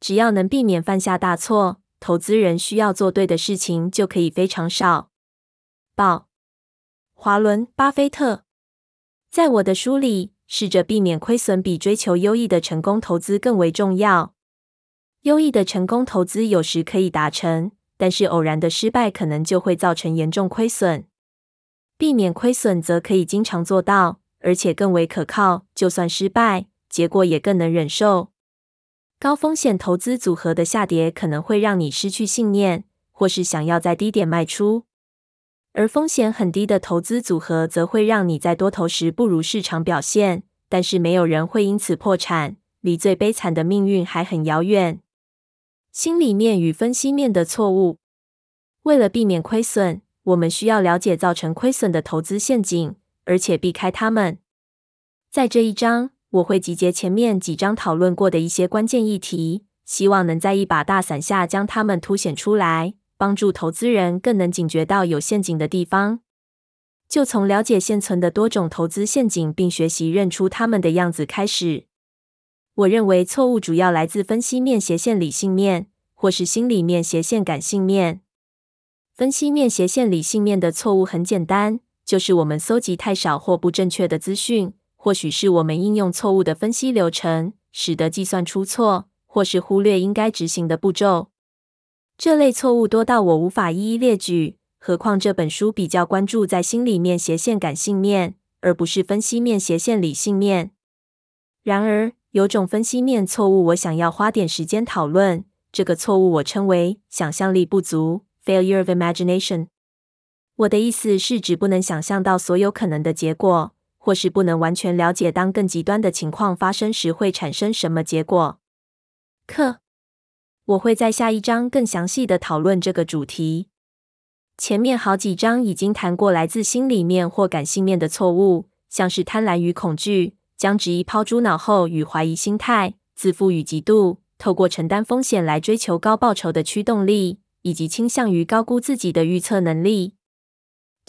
只要能避免犯下大錯，投資人需要做對的事情就可以非常少。報。華倫巴菲特在我的書裡，試着避免虧損比追求優異的成功投資更為重要。優異的成功投資有時可以達成，但是偶然的失敗可能就會造成嚴重虧損。避免虧損則可以經常做到，而且更為可靠。就算失敗，結果也更能忍受。高風險投資組合的下跌可能會讓你失去信念，或是想要在低點賣出；而風險很低的投資組合則會讓你在多頭時不如市場表現，但是沒有人會因此破產，離最悲慘的命運還很遙遠。心理面與分析面的錯誤，為了避免虧損，我們需要了解造成虧損的投資陷阱，而且避開它們。在這一章，我會集結前面幾章討論過的一些關鍵議題，希望能在一把大傘下將它們凸顯出來，幫助投資人更能警覺到有陷阱的地方。就從了解現存的多種投資陷阱，並學習認出它們的樣子開始。我認為錯誤主要來自分析面斜線理性面，或是心理面斜線感性面。分析面斜線理性面的錯誤很簡單，就是我們搜集太少或不正確的資訊。或許是我們應用錯誤的分析流程，使得計算出錯，或是忽略應該執行的步驟。這類錯誤多到我無法一一列舉。何況這本書比較關注在心理面斜線感性面，而不是分析面斜線理性面。然而，有種分析面錯誤，我想要花點時間討論。這個錯誤我稱為想象力不足 （failure of imagination）。我的意思是指不能想象到所有可能的結果。或是不能完全了解，當更極端的情況發生時會產生什麼結果。克，我會在下一章更詳細的討論這個主題。前面好幾章已經談過來自心理面或感性面的錯誤，像是貪婪與恐懼、將質疑拋諸腦後與懷疑心態、自負與嫉妒、透過承擔風險來追求高報酬的驅動力，以及傾向於高估自己的預測能力。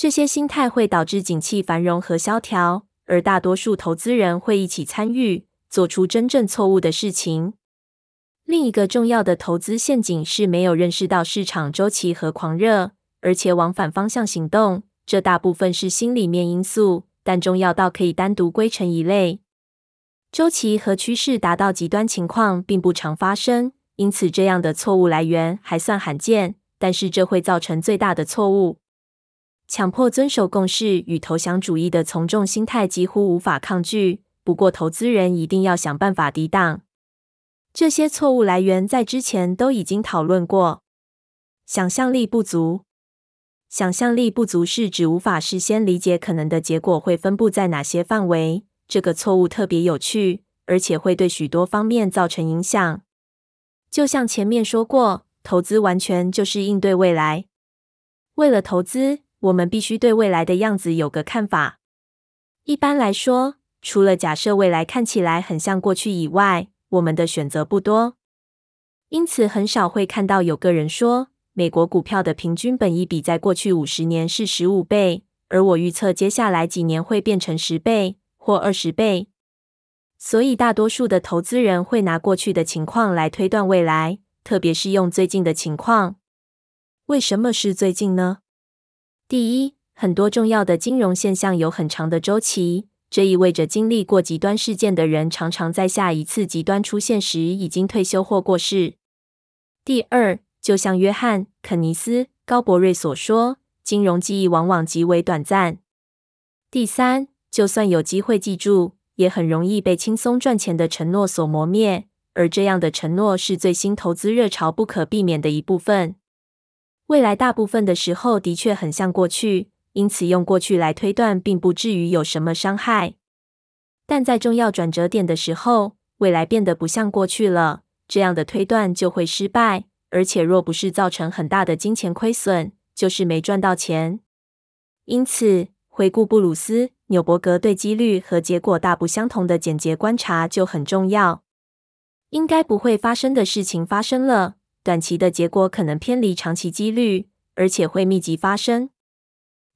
這些心態會導致景氣繁榮和蕭條，而大多數投資人會一起參與，做出真正錯誤的事情。另一個重要的投資陷阱是沒有認識到市場週期和狂熱，而且往反方向行動。這大部分是心理面因素，但重要到可以單獨歸成一類。週期和趨勢達到極端情況並不常發生，因此這樣的錯誤來源還算罕見。但是這會造成最大的錯誤。強迫遵守共識與投降主義的從眾心態幾乎無法抗拒。不過，投資人一定要想辦法抵擋。這些錯誤來源在之前都已經討論過。想象力不足。想象力不足是指無法事先理解可能的結果會分布在哪些範圍。這個錯誤特別有趣，而且會對許多方面造成影響。就像前面說過，投資完全就是應對未來。為了投資，我們必須對未來的樣子有個看法。一般來說，除了假設未來看起來很像過去以外，我們的選擇不多。因此很少會看到有個人說美國股票的平均本益比在過去五十年是十五倍，而我預測接下來幾年會變成十倍或二十倍。所以大多數的投資人會拿過去的情況來推斷未來，特別是用最近的情況。為什麼是最近呢？第一，很多重要的金融現象有很長的週期，這意味着經歷過極端事件的人，常常在下一次極端出現時已經退休或過世。第二，就像約翰·肯尼斯·高伯瑞所說，金融記憶往往極為短暫。第三，就算有機會記住，也很容易被輕鬆賺錢的承諾所磨滅，而這樣的承諾是最新投資熱潮不可避免的一部分。未來大部分的時候的確很像過去，因此用過去來推斷並不至於有什麼傷害。但在重要轉折點的時候，未來變得不像過去了，這樣的推斷就會失敗。而且若不是造成很大的金錢虧損，就是沒賺到錢。因此，回顧布魯斯紐伯格對幾率和結果大不相同的簡潔觀察就很重要。應該不會發生的事情發生了。短期的結果可能偏離長期幾率，而且會密集發生。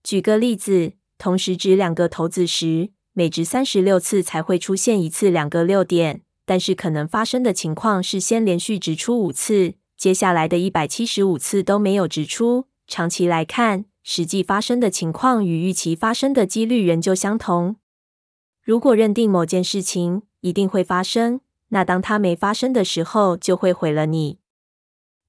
舉個例子，同時擲兩個骰子時，每擲三十六次才會出現一次兩個六點。但是可能發生的情況是，先連續擲出五次，接下來的一百七十五次都沒有擲出。長期來看，實際發生的情況與預期發生的幾率仍舊相同。如果認定某件事情一定會發生，那當它沒發生的時候，就會毀了你。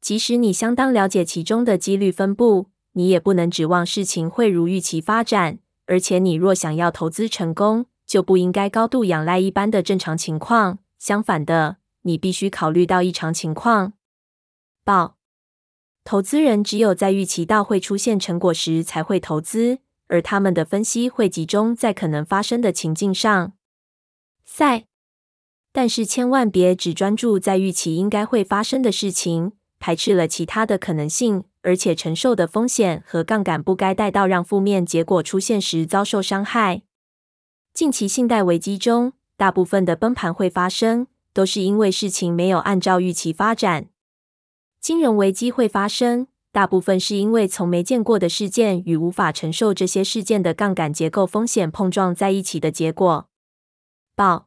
即使你相當了解其中的幾率分布，你也不能指望事情會如預期發展。而且，你若想要投資成功，就不應該高度仰賴一般的正常情況。相反的，你必須考慮到異常情況。報投資人只有在預期到會出現成果時才會投資，而他們的分析會集中在可能發生的情境上。賽，但是千萬別只專注在預期應該會發生的事情。排斥了其他的可能性，而且承受的風險和槓桿不該帶到讓負面結果出現時遭受傷害。近期信貸危機中，大部分的崩盤會發生，都是因為事情沒有按照預期發展。金融危機會發生，大部分是因為從沒見過的事件與無法承受這些事件的槓桿結構風險碰撞在一起的結果。報，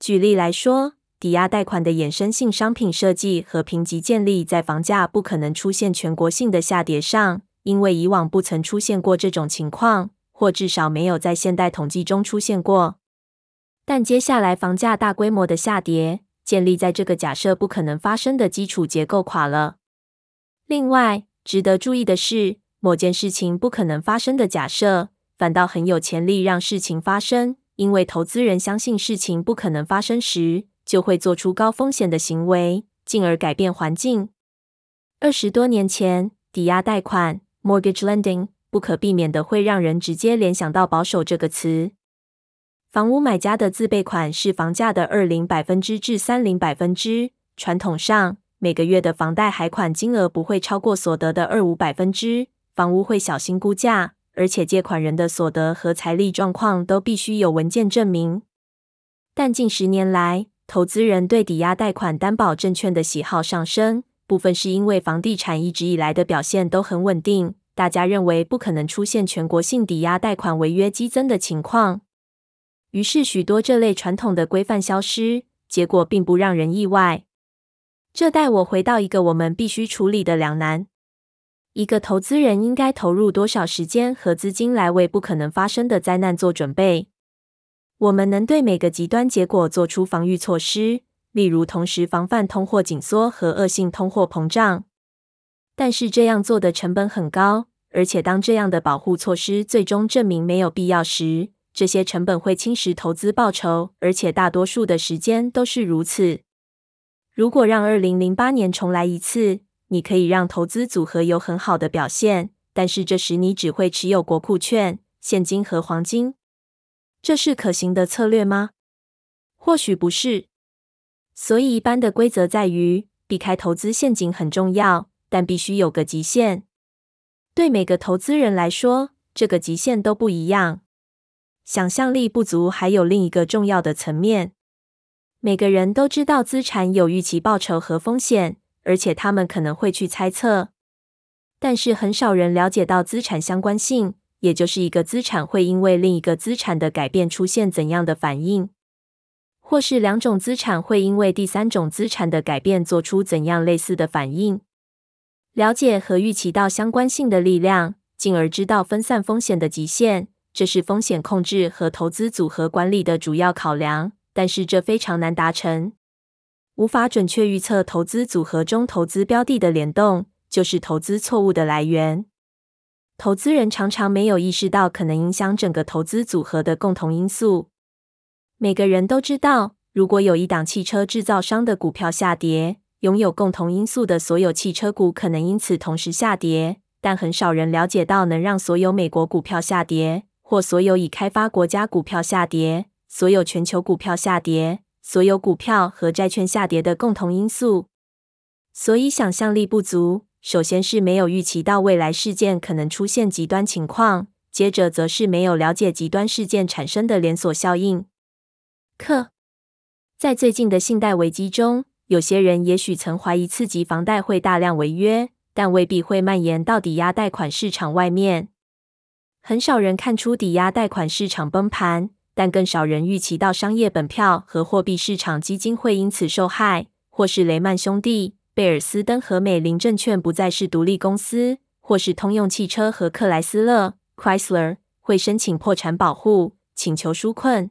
舉例來說。抵押貸款的衍生性商品設計和評級建立在房價不可能出現全國性的下跌上，因為以往不曾出現過這種情況，或至少沒有在現代統計中出現過。但接下來房價大規模的下跌，建立在這個假設不可能發生的基礎結構垮了。另外，值得注意的是，某件事情不可能發生的假設，反倒很有潛力讓事情發生，因為投資人相信事情不可能發生時，就會做出高風險的行為，進而改變環境。二十多年前，抵押貸款 （mortgage lending） 不可避免的會讓人直接聯想到保守這個詞。房屋買家的自備款是房價的百分之二十至百分之三十。傳統上，每個月的房貸還款金額不會超過所得的百分之二十五。房屋會小心估價，而且借款人的所得和財力狀況都必須有文件證明。但近十年來，投資人對抵押貸款擔保證券的喜好上升，部分是因為房地產一直以來的表現都很穩定，大家認為不可能出現全國性抵押貸款違約激增的情況。於是許多這類傳統的規範消失，結果並不讓人意外。這帶我回到一個我們必須處理的兩難：一個投資人應該投入多少時間和資金來為不可能發生的災難做準備？我們能對每個極端結果做出防御措施，例如同時防範通貨緊縮和惡性通貨膨脹，但是這樣做的成本很高，而且當這樣的保護措施最終證明沒有必要時，這些成本會侵蝕投資報酬，而且大多數的時間都是如此。如果讓二零零八年重來一次，你可以讓投資組合有很好的表現，但是這時你只會持有國庫券、現金和黃金。這是可行的策略嗎？或許不是。所以，一般的規則在於避開投資陷阱很重要，但必須有個極限。對每個投資人來說，這個極限都不一樣。想象力不足，還有另一個重要的層面。每個人都知道資產有預期報酬和風險，而且他們可能會去猜測，但是很少人了解到資產相關性。也就是一個資產會因為另一個資產的改變出現怎樣的反應，或是兩種資產會因為第三種資產的改變做出怎樣類似的反應。了解和預期到相關性的力量，進而知道分散風險的極限，這是風險控制和投資組合管理的主要考量，但是這非常難達成。無法準確預測投資組合中投資標的的聯動，就是投資錯誤的來源。投資人常常沒有意識到可能影響整個投資組合的共同因素。每個人都知道，如果有一檔汽車製造商的股票下跌，擁有共同因素的所有汽車股可能因此同時下跌。但很少人了解到能讓所有美國股票下跌，或所有已開發國家股票下跌，所有全球股票下跌，所有股票和債券下跌的共同因素。所以想象力不足。首先是沒有預期到未來事件可能出現極端情況，接着則是沒有了解極端事件產生的連鎖效應。克，在最近的信貸危機中，有些人也許曾懷疑次級房貸會大量違約，但未必會蔓延到抵押貸款市場外面。很少人看出抵押貸款市場崩盤，但更少人預期到商業本票和貨幣市場基金會因此受害，或是雷曼兄弟，貝爾斯登和美林證券不再是獨立公司，或是通用汽車和克萊斯勒 （Chrysler） 會申請破產保護，請求紓困。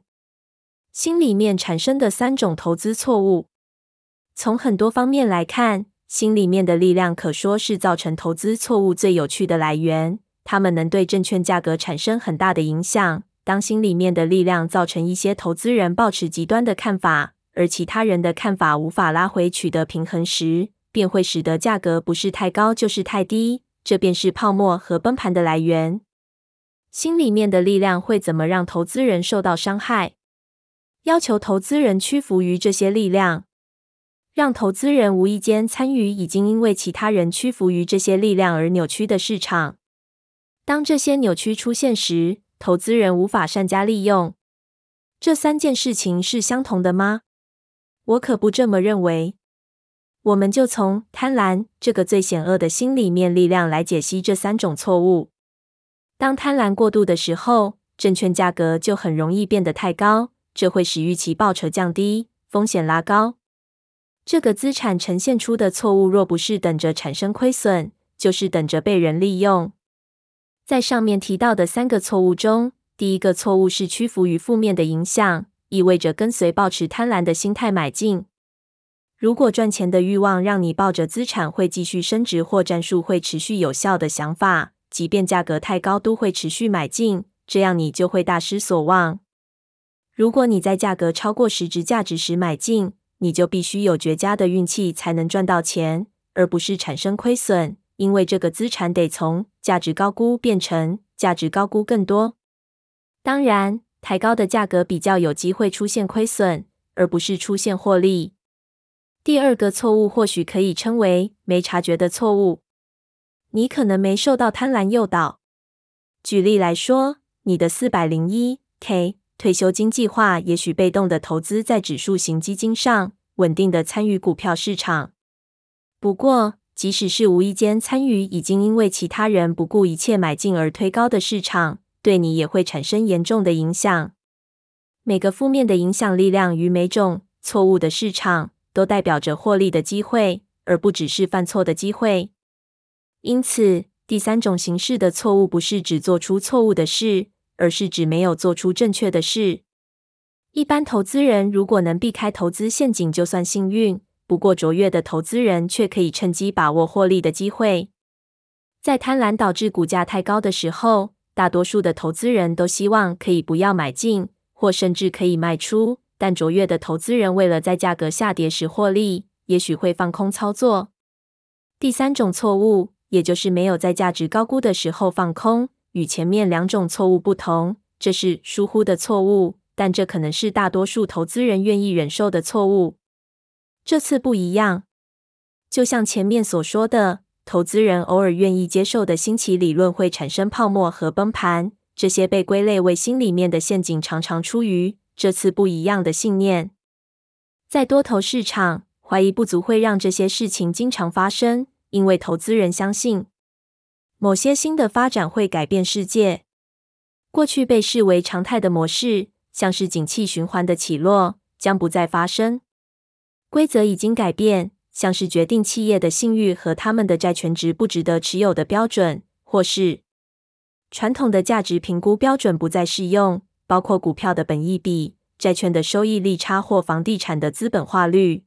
心理面產生的三種投資錯誤，從很多方面來看，心理面的力量可說是造成投資錯誤最有趣的來源。他們能對證券價格產生很大的影響。當心理面的力量造成一些投資人抱持極端的看法，而其他人的看法無法拉回取得平衡時，便會使得價格不是太高就是太低，這便是泡沫和崩盤的來源。心理面的力量會怎麼讓投資人受到傷害？要求投資人屈服於這些力量，讓投資人無意間參與已經因為其他人屈服於這些力量而扭曲的市場。當這些扭曲出現時，投資人無法善加利用。這三件事情是相同的嗎？我可不這麼認為。我們就從貪婪這個最險惡的心理面力量來解析這三種錯誤。當貪婪過度的時候，證券價格就很容易變得太高，這會使預期報酬降低，風險拉高。這個資產呈現出的錯誤，若不是等着產生虧損，就是等着被人利用。在上面提到的三個錯誤中，第一個錯誤是屈服於負面的影響，意味着跟隨抱持貪婪的心態買進。如果賺錢的慾望讓你抱着資產會繼續升值或戰術會持續有效的想法，即便價格太高都會持續買進，這樣你就會大失所望。如果你在價格超過實質價值時買進，你就必須有絕佳的運氣才能賺到錢，而不是產生虧損，因為這個資產得從價值高估變成價值高估更多。當然，抬高的價格比較有機會出現虧損，而不是出現獲利。第二個錯誤或許可以稱為沒察覺的錯誤。你可能沒受到貪婪誘導。舉例來說，你的四百零一 k 退休金計劃也許被動的投資在指數型基金上，穩定的參與股票市場。不過，即使是無意間參與已經因為其他人不顧一切買進而推高的市場，對你也會產生嚴重的影響。每個負面的影響力量於每種錯誤的市場。都代表着獲利的機會，而不只是犯錯的機會。因此，第三種形式的錯誤不是指做出錯誤的事，而是指沒有做出正確的事。一般投資人如果能避開投資陷阱，就算幸運。不過，卓越的投資人卻可以趁機把握獲利的機會。在貪婪導致股價太高的時候，大多數的投資人都希望可以不要買進，或甚至可以賣出。但卓越的投資人為了在價格下跌時獲利，也許會放空操作。第三種錯誤，也就是沒有在價值高估的時候放空，與前面兩種錯誤不同，這是疏忽的錯誤，但這可能是大多數投資人願意忍受的錯誤。這次不一樣，就像前面所說的，投資人偶爾願意接受的新奇理論會產生泡沫和崩盤，這些被歸類為心裡面的陷阱，常常出於這次不一樣的信念，在多頭市場，懷疑不足會讓這些事情經常發生，因為投資人相信某些新的發展會改變世界。過去被視為常態的模式，像是景氣循環的起落，將不再發生。規則已經改變，像是決定企業的信譽和他們的債權值不值得持有的標準，或是傳統的價值評估標準不再適用。包括股票的本益比、債券的收益率差或房地產的資本化率。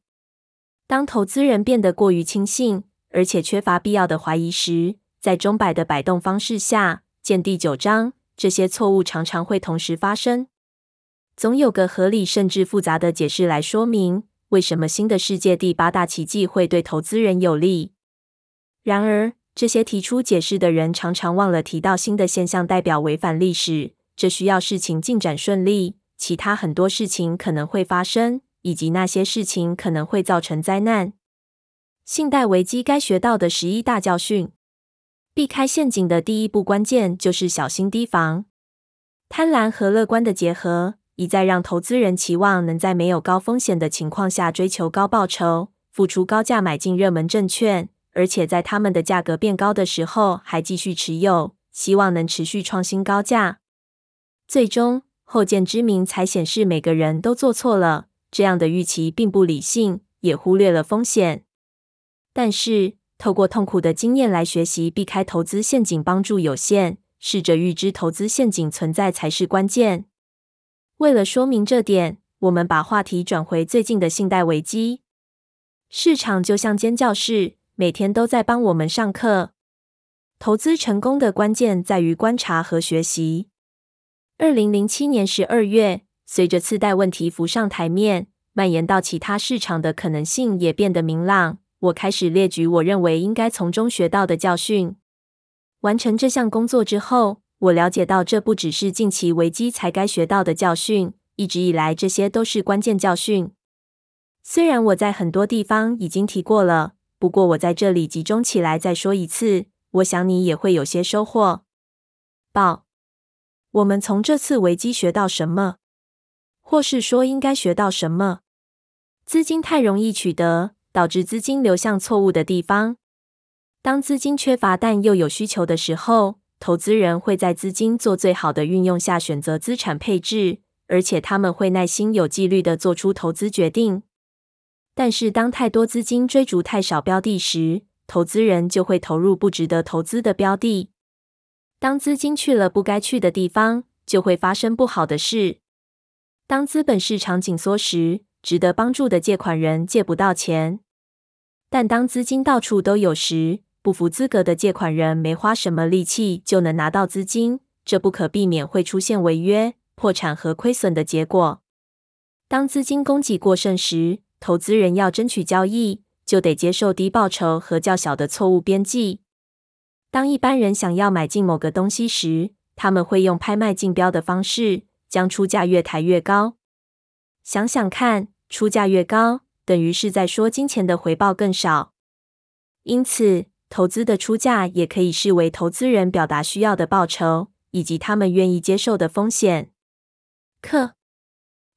當投資人變得過於輕信，而且缺乏必要的懷疑時，在鐘擺的擺動方式下（見第九章），這些錯誤常常會同時發生。總有個合理甚至複雜的解釋來說明為什麼新的世界第八大奇迹會對投資人有利。然而，這些提出解釋的人常常忘了提到新的現象代表違反歷史。這需要事情進展順利，其他很多事情可能會發生，以及那些事情可能會造成災難。信貸危機該學到的十一大教訓：避開陷阱的第一步，關鍵就是小心提防貪婪和樂觀的結合，一再讓投資人期望能在沒有高風險的情況下追求高報酬，付出高價買進熱門證券，而且在他們的價格變高的時候還繼續持有，希望能持續創新高價。最終，後見之明才顯示每個人都做錯了。這樣的預期並不理性，也忽略了風險。但是，透過痛苦的經驗來學習，避開投資陷阱，幫助有限。試着預知投資陷阱存在才是關鍵。為了說明這點，我們把話題轉回最近的信貸危機。市場就像間教室，每天都在幫我們上課。投資成功的關鍵在於觀察和學習。二零零七年十二月，隨着次貸問題浮上台面，蔓延到其他市場的可能性也變得明朗。我開始列舉我認為應該從中學到的教訓。完成這項工作之後，我了解到這不只是近期危機才該學到的教訓，一直以來這些都是關鍵教訓。雖然我在很多地方已經提過了，不過我在這裡集中起來再說一次，我想你也會有些收穫。報。我們從這次危機學到什麼，或是說應該學到什麼？資金太容易取得，導致資金流向錯誤的地方。當資金缺乏但又有需求的時候，投資人會在資金做最好的運用下選擇資產配置，而且他們會耐心有紀律地做出投資決定。但是，當太多資金追逐太少標的時，投資人就會投入不值得投資的標的。當資金去了不該去的地方，就會發生不好的事。當資本市場緊縮時，值得幫助的借款人借不到錢；但當資金到處都有時，不符資格的借款人沒花什麼力氣就能拿到資金，這不可避免會出現違約、破產和虧損的結果。當資金供給過剩時，投資人要爭取交易，就得接受低報酬和較小的錯誤邊際。當一般人想要買進某個東西時，他們會用拍賣競標的方式，將出價越抬越高。想想看，出價越高，等於是在說金錢的回報更少。因此，投資的出價也可以視為投資人表達需要的報酬，以及他們願意接受的風險。可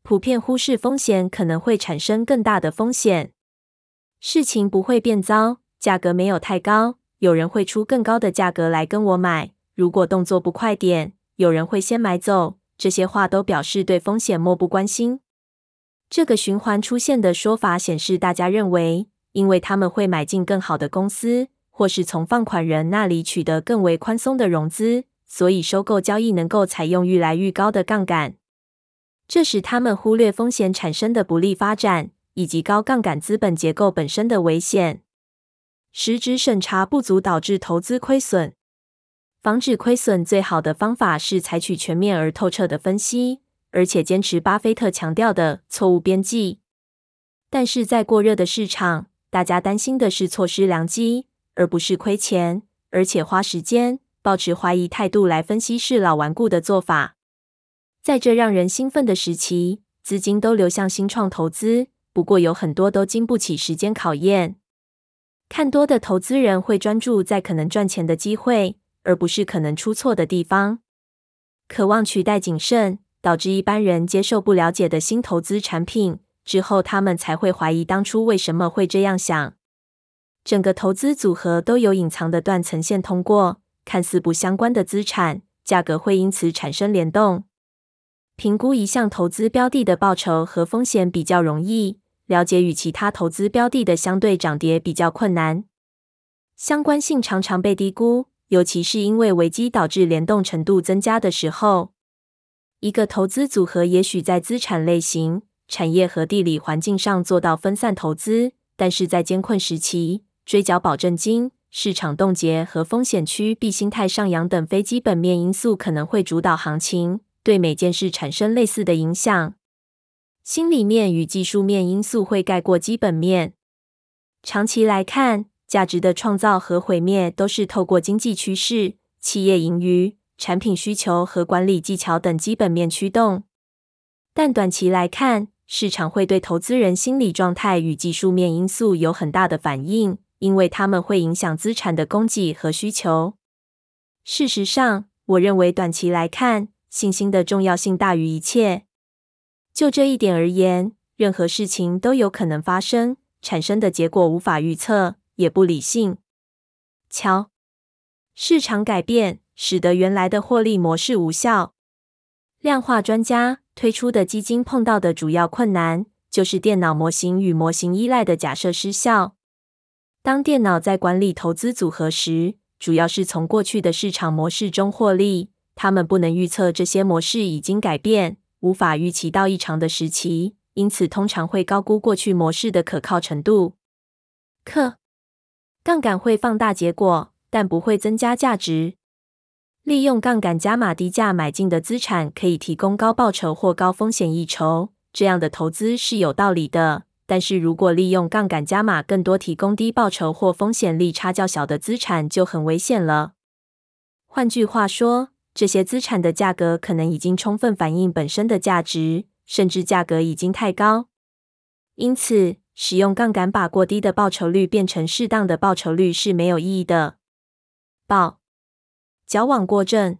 普遍忽視風險，可能會產生更大的風險。事情不會變糟，價格沒有太高。有人會出更高的價格來跟我買，如果動作不快點，有人會先買走。這些話都表示對風險漠不關心。這個循環出現的說法顯示，大家認為，因為他們會買進更好的公司，或是從放款人那裡取得更為寬鬆的融資，所以收購交易能夠採用愈來愈高的槓桿。這使他們忽略風險產生的不利發展，以及高槓桿資本結構本身的危險。實質審查不足導致投資虧損，防止虧損最好的方法是採取全面而透徹的分析，而且堅持巴菲特強調的錯誤邊際。但是在過熱的市場，大家擔心的是錯失良機，而不是虧錢。而且花時間保持懷疑態度來分析，是老頑固的做法。在這讓人興奮的時期，資金都流向新創投資，不過有很多都經不起時間考驗。看多的投資人會專注在可能賺錢的機會，而不是可能出錯的地方。渴望取代謹慎，導致一般人接受不了解的新投資產品，之後他們才會懷疑當初為什麼會這樣想。整個投資組合都有隱藏的斷層線通過，看似不相關的資產價格會因此產生聯動。評估一項投資標的的報酬和風險比較容易。了解與其他投資標的的相對漲跌比較困難，相關性常常被低估，尤其是因為危機導致聯動程度增加的時候。一個投資組合也許在資產類型、產業和地理環境上做到分散投資，但是在艱困時期，追繳保證金、市場凍結和風險規避心態上揚等非基本面因素可能會主導行情，對每件事產生類似的影響。心理面與技術面因素會蓋過基本面。長期來看，價值的創造和毀滅都是透過經濟趨勢、企業盈餘、產品需求和管理技巧等基本面驅動。但短期來看，市場會對投資人心理狀態與技術面因素有很大的反應，因為它們會影響資產的供給和需求。事實上，我認為短期來看，信心的重要性大於一切。就這一點而言，任何事情都有可能發生，產生的結果無法預測，也不理性。瞧，市場改變，使得原來的獲利模式無效。量化專家推出的基金碰到的主要困難，就是電腦模型與模型依賴的假設失效。當電腦在管理投資組合時，主要是從過去的市場模式中獲利，他們不能預測這些模式已經改變。無法預期到異常的時期，因此通常會高估過去模式的可靠程度。克槓桿會放大結果，但不會增加價值。利用槓桿加碼低價買進的資產，可以提供高報酬或高風險溢酬，這樣的投資是有道理的。但是如果利用槓桿加碼更多提供低報酬或風險利差較小的資產，就很危險了。換句話說，這些資產的價格可能已經充分反映本身的價值，甚至價格已經太高，因此使用槓桿把過低的報酬率變成適當的報酬率是沒有意義的。報矯枉過正，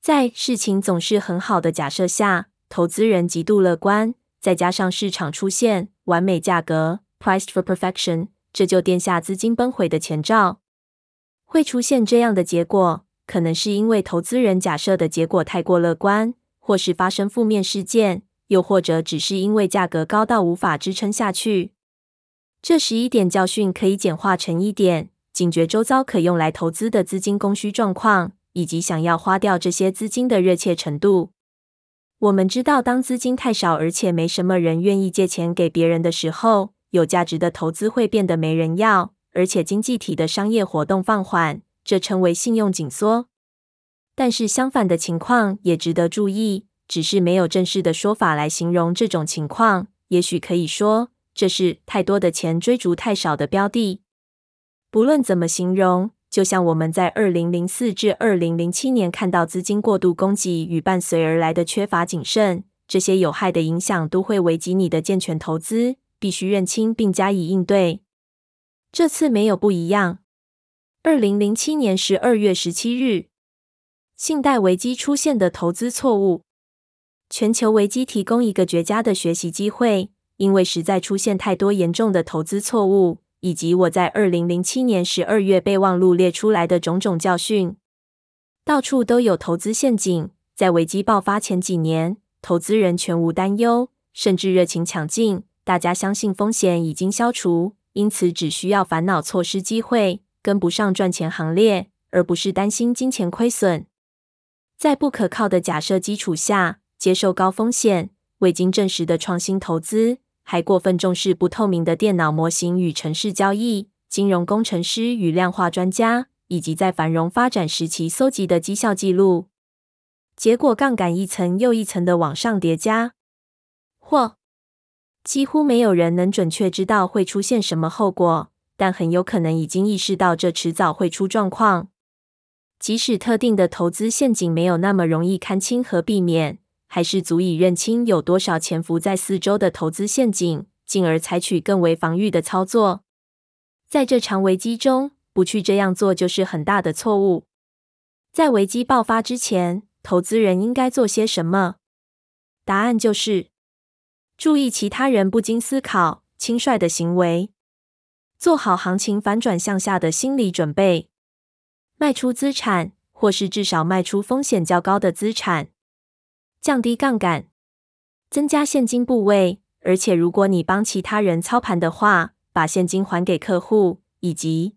在事情總是很好的假設下，投資人極度樂觀，再加上市場出現完美價格 （priced for perfection），這就奠下資金崩毀的前兆，會出現這樣的結果。可能是因為投資人假設的結果太過樂觀，或是發生負面事件，又或者只是因為價格高到無法支撐下去。這十一點教訓可以簡化成一點：警覺周遭可用來投資的資金供需狀況，以及想要花掉這些資金的熱切程度。我們知道，當資金太少，而且沒什麼人願意借錢給別人的時候，有價值的投資會變得沒人要，而且經濟體的商業活動放緩。這稱為信用緊縮，但是相反的情況也值得注意，只是沒有正式的說法來形容這種情況。也許可以說，這是太多的錢追逐太少的標的。不論怎麼形容，就像我們在二零零四至二零零七年看到資金過度供給與伴隨而來的缺乏謹慎，這些有害的影響都會危及你的健全投資，必須認清並加以應對。這次沒有不一樣。二零零七年十二月十七日，信貸危機出現的投資錯誤，全球危機提供一個絕佳的學習機會，因為實在出現太多嚴重的投資錯誤，以及我在二零零七年十二月備忘錄列出來的種種教訓。到處都有投資陷阱。在危機爆發前幾年，投資人全無擔憂，甚至熱情搶進。大家相信風險已經消除，因此只需要煩惱錯失機會。跟不上賺錢行列，而不是擔心金錢虧損，在不可靠的假設基礎下接受高風險、未經證實的創新投資，還過分重視不透明的電腦模型與程式交易、金融工程師與量化專家，以及在繁榮發展時期搜集的績效記錄。結果，槓桿一層又一層的往上疊加，或幾乎沒有人能準確知道會出現什麼後果。但很有可能已經意識到這遲早會出狀況。即使特定的投資陷阱沒有那麼容易看清和避免，還是足以認清有多少潛伏在四周的投資陷阱，進而採取更為防御的操作。在這場危機中，不去這樣做就是很大的錯誤。在危機爆發之前，投資人應該做些什麼？答案就是注意其他人不經思考、輕率的行為。做好行情反轉向下的心理準備，賣出資產，或是至少賣出風險較高的資產，降低槓桿，增加現金部位。而且，如果你幫其他人操盤的話，把現金還給客戶，以及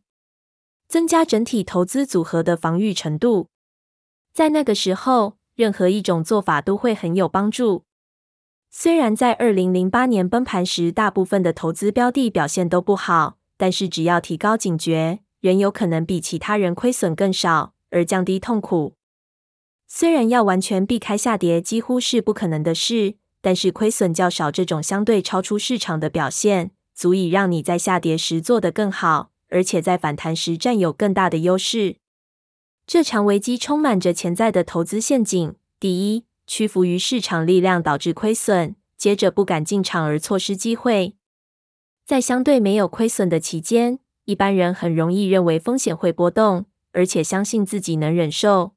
增加整體投資組合的防御程度。在那個時候，任何一種做法都會很有幫助。雖然在2008年崩盤時，大部分的投資標的表現都不好。但是只要提高警覺，仍有可能比其他人虧損更少，而降低痛苦。雖然要完全避開下跌幾乎是不可能的事，但是虧損較少這種相對超出市場的表現，足以讓你在下跌時做得更好，而且在反彈時佔有更大的優勢。這場危機充滿着潛在的投資陷阱：第一，屈服於市場力量導致虧損；接着不敢進場而錯失機會。在相對沒有虧損的期間，一般人很容易認為風險會波動，而且相信自己能忍受。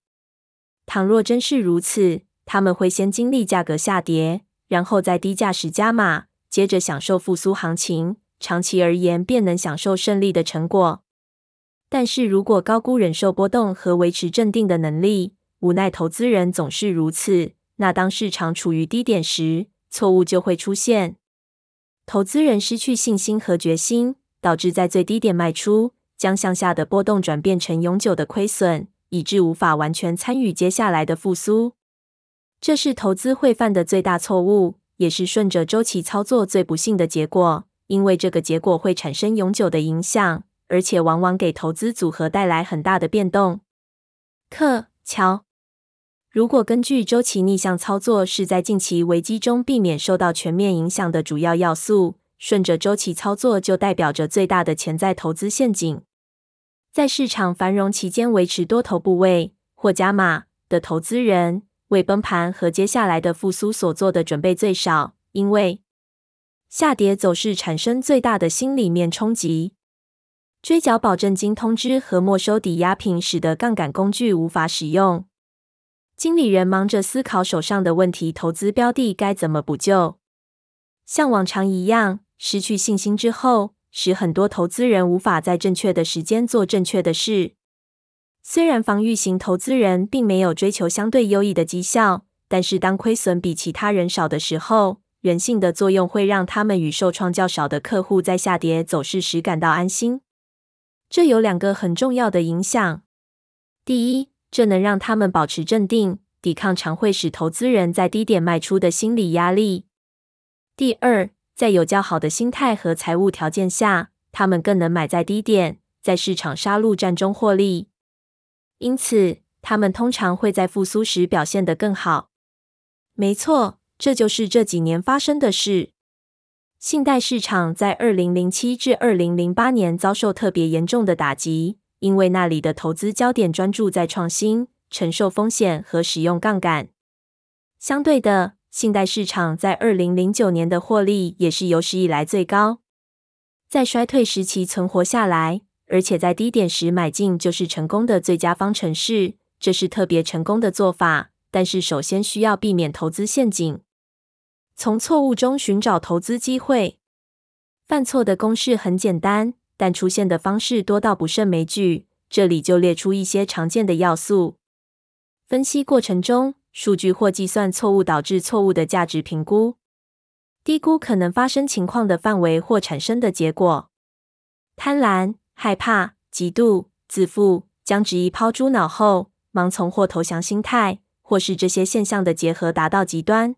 倘若真是如此，他們會先經歷價格下跌，然後在低價時加碼，接着享受復甦行情，長期而言便能享受勝利的成果。但是如果高估忍受波動和維持鎮定的能力，無奈投資人總是如此，那當市場處於低點時，錯誤就會出現。投資人失去信心和決心，導致在最低點賣出，將向下的波動轉變成永久的虧損，以致無法完全參與接下來的復甦。這是投資會犯的最大錯誤，也是順着週期操作最不幸的結果，因為這個結果會產生永久的影響，而且往往給投資組合帶來很大的變動。克喬。瞧如果根據週期逆向操作是在近期危機中避免受到全面影響的主要要素，順着週期操作就代表着最大的潛在投資陷阱。在市場繁榮期間維持多頭部位或加碼的投資人，為崩盤和接下來的復甦所做的準備最少，因為下跌走勢產生最大的心理面衝擊。追繳保證金通知和沒收抵押品使得槓桿工具無法使用。經理人忙着思考手上的問題，投資標的該怎麼補救。像往常一樣，失去信心之後，使很多投資人無法在正確的時間做正確的事。雖然防禦型投資人並沒有追求相對優異的績效，但是當虧損比其他人少的時候，人性的作用會讓他們與受創較少的客戶在下跌走勢時感到安心。這有兩個很重要的影響。第一，這能讓他們保持鎮定，抵抗常會使投資人在低點賣出的心理壓力。第二，在有較好的心態和財務條件下，他們更能買在低點，在市場殺戮戰中獲利。因此，他們通常會在復甦時表現得更好。沒錯，這就是這幾年發生的事。信貸市場在二零零七至二零零八年遭受特別嚴重的打擊。因為那裡的投資焦點專注在創新、承受風險和使用槓桿。相對的，信貸市場在二零零九年的獲利也是有史以來最高。在衰退時期存活下來，而且在低點時買進就是成功的最佳方程式。這是特別成功的做法，但是首先需要避免投資陷阱。從錯誤中尋找投資機會。犯錯的公式很簡單。但出現的方式多到不勝枚舉，這裡就列出一些常見的要素。分析過程中，數據或計算錯誤導致錯誤的價值評估，低估可能發生情況的範圍或產生的結果。貪婪、害怕、嫉妒、自負，將質疑拋諸腦後，盲從或投降心態，或是這些現象的結合達到極端。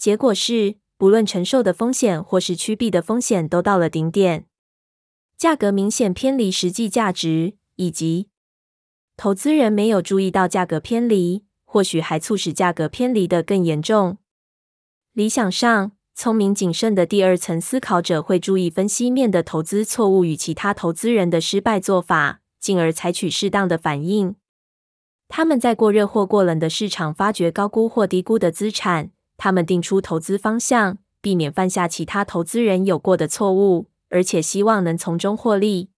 結果是，不論承受的風險或是趨避的風險，都到了頂點。價格明顯偏離實際價值，以及投資人沒有注意到價格偏離，或許還促使價格偏離得更嚴重。理想上，聰明謹慎的第二層思考者會注意分析面的投資錯誤與其他投資人的失敗做法，進而採取適當的反應。他們在過熱或過冷的市場發掘高估或低估的資產，他們定出投資方向，避免犯下其他投資人有過的錯誤。而且希望能從中獲利。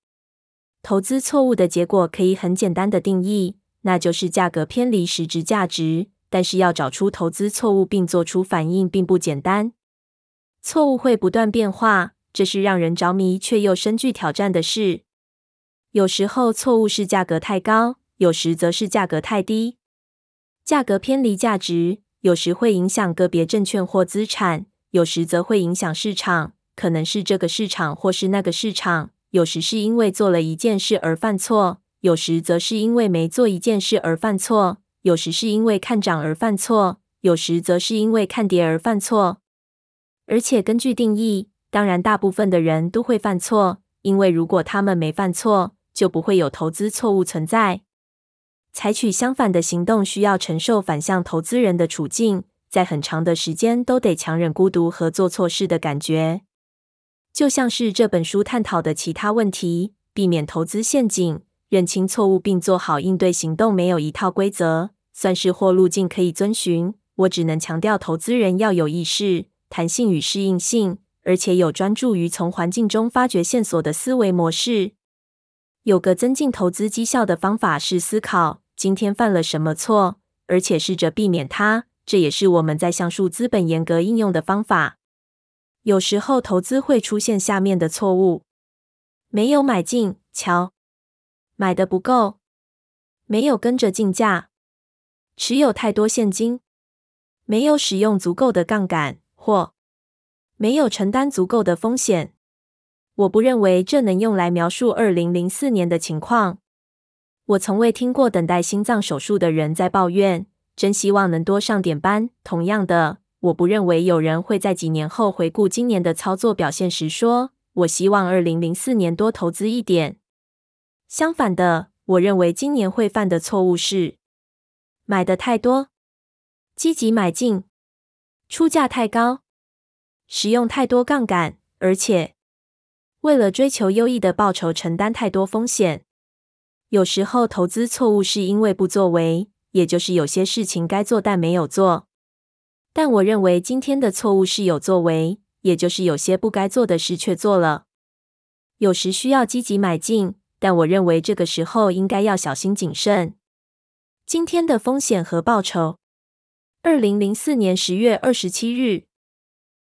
投資錯誤的結果可以很簡單的定義，那就是價格偏離實質價值，但是要找出投資錯誤並做出反應並不簡單。錯誤會不斷變化，這是讓人着迷卻又深具挑戰的事。有時候錯誤是價格太高，有時則是價格太低。價格偏離價值，有時會影響個別證券或資產，有時則會影響市場。可能是這個市場，或是那個市場。有時是因為做了一件事而犯錯，有時則是因為沒做一件事而犯錯。有時是因為看漲而犯錯，有時則是因為看跌而犯錯。而且根據定義，當然大部分的人都會犯錯，因為如果他們沒犯錯，就不會有投資錯誤存在。採取相反的行動，需要承受反向投資人的處境，在很長的時間都得強忍孤獨和做錯事的感覺。就像是這本書探討的其他問題，避免投資陷阱，認清錯誤並做好應對行動，沒有一套規則、算式、或路徑可以遵循。我只能強調，投資人要有意識、彈性與適應性，而且有專注於從環境中發掘線索的思維模式。有個增進投資績效的方法是思考今天犯了什麼錯，而且試着避免它。這也是我們在橡樹資本嚴格應用的方法。有時候投資會出現下面的錯誤：沒有買進，瞧，買得不夠；沒有跟着競價，持有太多現金；沒有使用足夠的槓桿，或沒有承擔足夠的風險。我不認為這能用來描述二零零四年的情況。我從未聽過等待心臟手術的人在抱怨，真希望能多上點班。同樣的。我不認為有人會在幾年後回顧今年的操作表現時說：“我希望二零零四年多投資一點。”相反的，我認為今年會犯的錯誤是買的太多，積極買進，出價太高，使用太多槓桿，而且為了追求優異的報酬承擔太多風險。有時候投資錯誤是因為不作為，也就是有些事情該做但沒有做。但我認為今天的錯誤是有作為，也就是有些不該做的事卻做了。有時需要積極買進，但我認為這個時候應該要小心謹慎。今天的風險和報酬，二零零四年十月二十七日。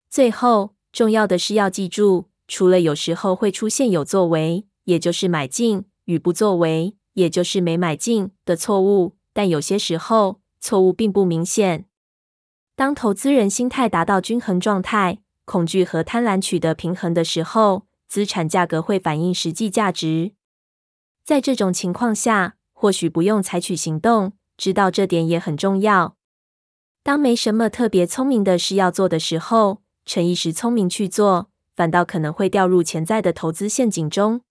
最後，重要的是要記住，除了有時候會出現有作為，也就是買進與不作為，也就是沒買進的錯誤，但有些時候錯誤並不明顯。當投資人心態達到均衡狀態，恐懼和貪婪取得平衡的時候，資產價格會反映實際價值。在這種情況下，或許不用採取行動，知道這點也很重要。當沒什麼特別聰明的事要做的時候，逞一時聰明去做，反倒可能會掉入潛在的投資陷阱中。